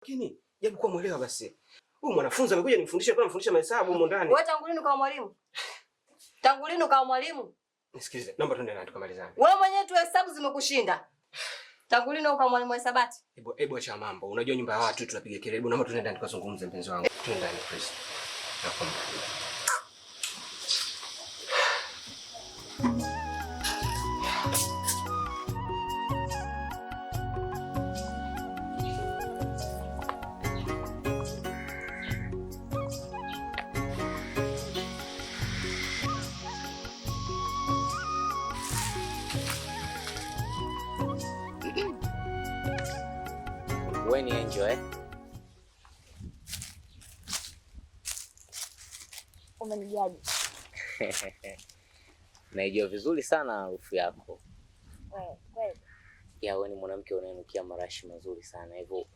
Lakini jabu kuwa mwelewa basi. Huyu mwanafunzi amekuja nimfundishe kwa mfundisha mahesabu huko ndani. Wewe tangu lini ukawa mwalimu? Tangu lini ukawa mwalimu? Nisikize, naomba tuende na tukamalizane. Wewe mwenyewe tu hesabu zimekushinda. Tangu lini kwa mwalimu hesabati? Hebu hebu acha mambo. Unajua nyumba ya watu tunapiga kelele. Hebu naomba tuende ndani tukazungumze mpenzi wangu. Tuende ndani please. Nakuomba. enjoy, ni enjoy Umenijaje? Naijua vizuri sana harufu yako wewe, Ya wewe ni mwanamke unayenukia marashi mazuri sana hivyo,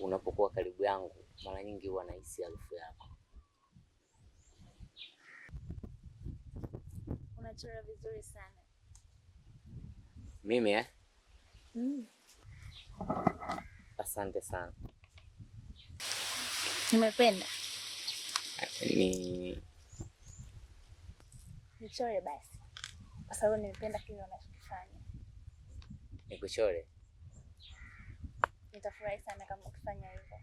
unapokuwa karibu yangu mara nyingi huwa nahisi harufu yako. Unachora vizuri sana. Mimi eh? Mm. Asante sana. Nimependa ni nichore basi, kwa sababu nimependa kile unachokifanya. Nikuchore? Nitafurahi sana kama ukifanya hivyo.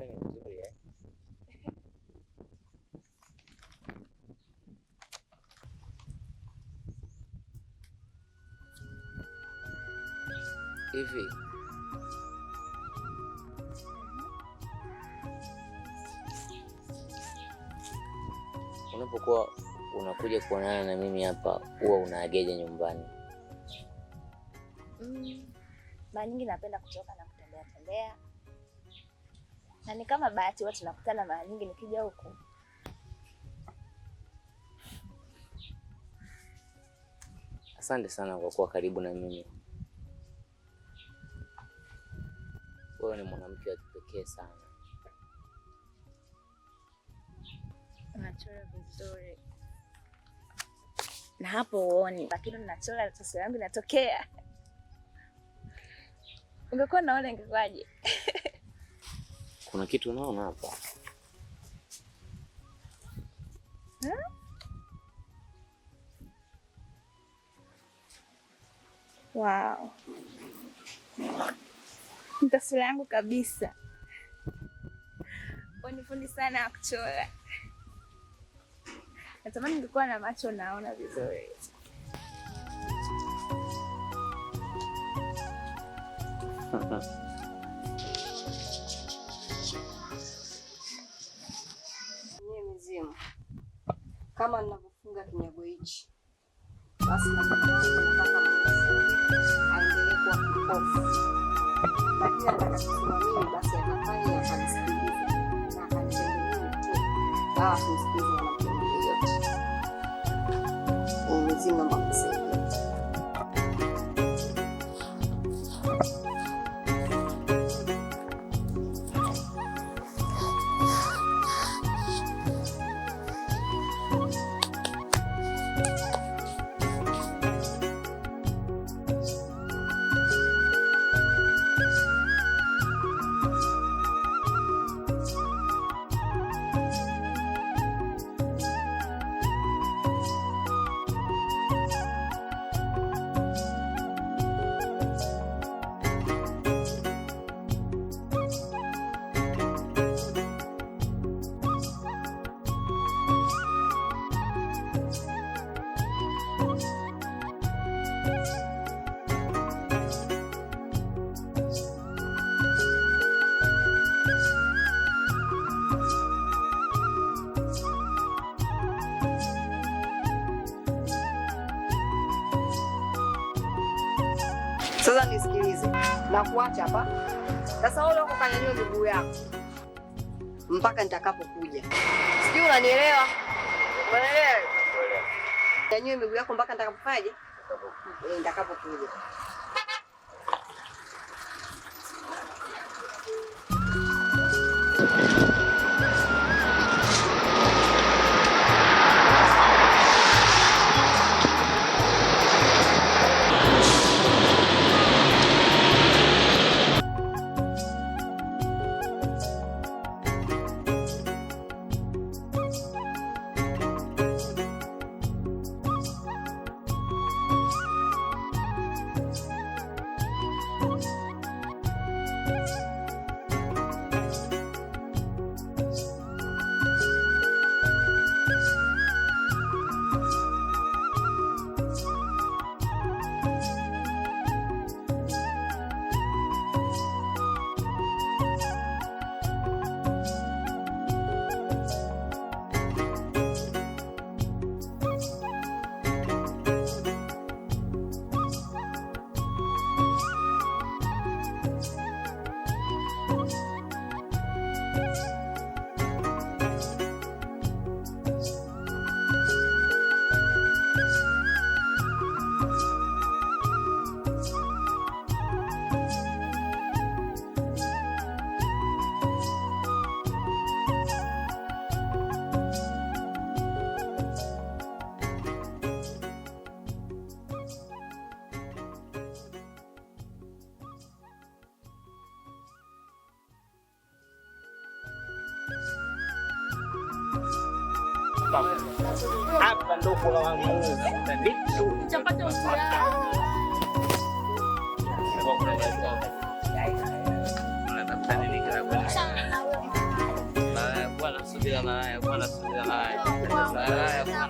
mazingira ni mzuri eh? Hivi unapokuwa unakuja kuonana na mimi hapa huwa unaageja nyumbani? Mm, mara nyingi napenda kutoka na kutembea tembea na ni kama bahati huwa tunakutana mara nyingi nikija huku. Asante sana kwa kuwa karibu na mimi. Wewe ni mwanamke wa kipekee sana. Unachora vizuri na hapo uoni, lakini nachora taswira yangu inatokea. Ungekuwa naona ingekuwaje? Kuna kitu unaona hapa Wow, ni taswira yangu kabisa. Ni fundi sana ya kuchora. Natamani ningekuwa na macho naona vizuri. kama ninavyofunga kinyago hichi, basi lakini atakachosimamia basi Sasa nisikilize na kuacha hapa sasa, wewe uko kanyanyua miguu yako mpaka nitakapokuja, sijui unanielewa? Unaelewa? Kanyanyua miguu yako mpaka nitakapofaje? Nitakapokuja. hapa hapa ndo kuna wangu na vitu chapati Bwana subira malaya, Bwana subira malaya, malaya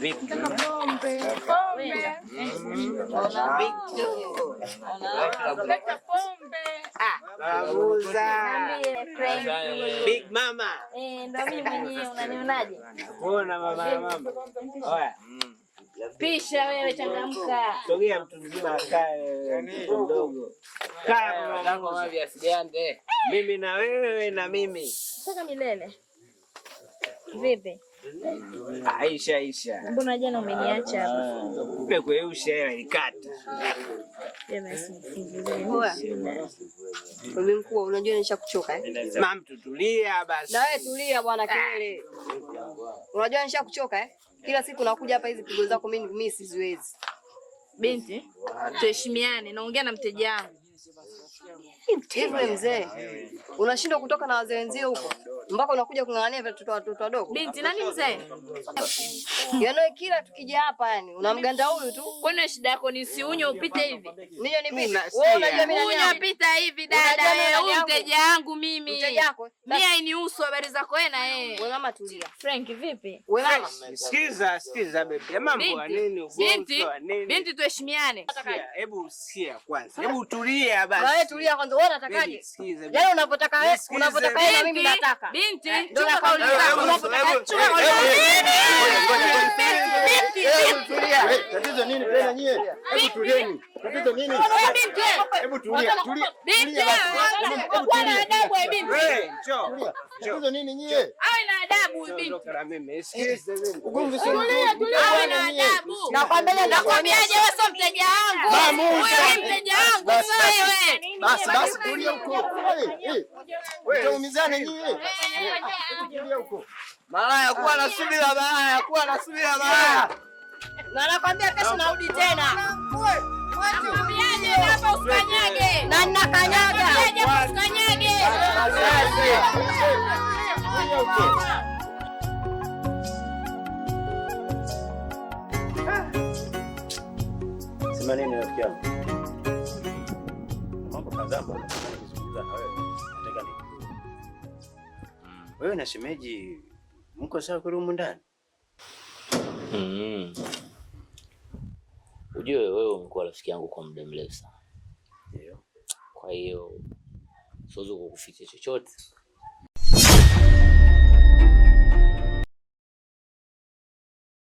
Big mama. Eh, ndo mimi mwenyewe unanionaje? Mbona mama mama. Oya. Pisha wewe changamka. Sogea mtu mzima akae yaani? mdogo. Kaa mlango wapi asiende. Mimi na wewe na mimi. Sasa milele. Vipi? Aisha, Aisha, mbona jana umeniacha hapa? Nimekueusha hela ilikata. Mkuu, unajua nishakuchoka eh? Mam, tutulia basi. Na wewe tulia bwana kelele. Unajua nishakuchoka eh? Kila siku nakuja hapa, hizi pigo zako mimi siziwezi. Binti, tuheshimiane, naongea na mteja wangu. Hivyo mzee, unashindwa kutoka na wazee wenzio huko mpaka unakuja kung'ang'ania watoto watoto wadogo. Binti nani mzee? Yaani kila tukija hapa yani unamganda huyu tu. Kwani shida yako ni si unyo upite hivi? Ninyo ni mimi. Wewe unajua mimi nani? Unyo pita hivi dada. Huyu mteja wangu mimi. Mteja wako. Mimi hainihusu habari zako wewe na yeye. Wewe mama tulia. Frank vipi? Wewe mama. Sikiza, sikiza baby. Mambo ya nini ugonjwa nini? Binti tuheshimiane. Hebu usikie kwanza. Hebu tulia basi. Wewe tulia kwanza. Wewe unatakaje? Yaani unapotaka wewe unapotaka mimi nataka binti, chunga kauli zako. Tatizo nini tena nyie? Hebu tulieni. Tatizo nini? Hebu tulia. Tulia. na adabu ya binti. Njoo. Tatizo nini nyie? Awe na adabu binti. Ugomvi sio. Awe na adabu. Nakwambia, nakwambiaje wewe sio mteja wangu. Basi basi, tulia huko. huko. Malaya kuwa na subira, malaya kuwa na subira, malaya. Na nakwambia kesho narudi tena. Sema nini rafiki yangu? hapa kuzungumza na wewe. Nataka nikujue. Wewe na shemeji mko sawa kwa rumu ndani? Mm. Ujue wewe umekuwa rafiki yangu kwa muda mrefu sana. Ndio. Kwa hiyo siwezi kukuficha chochote.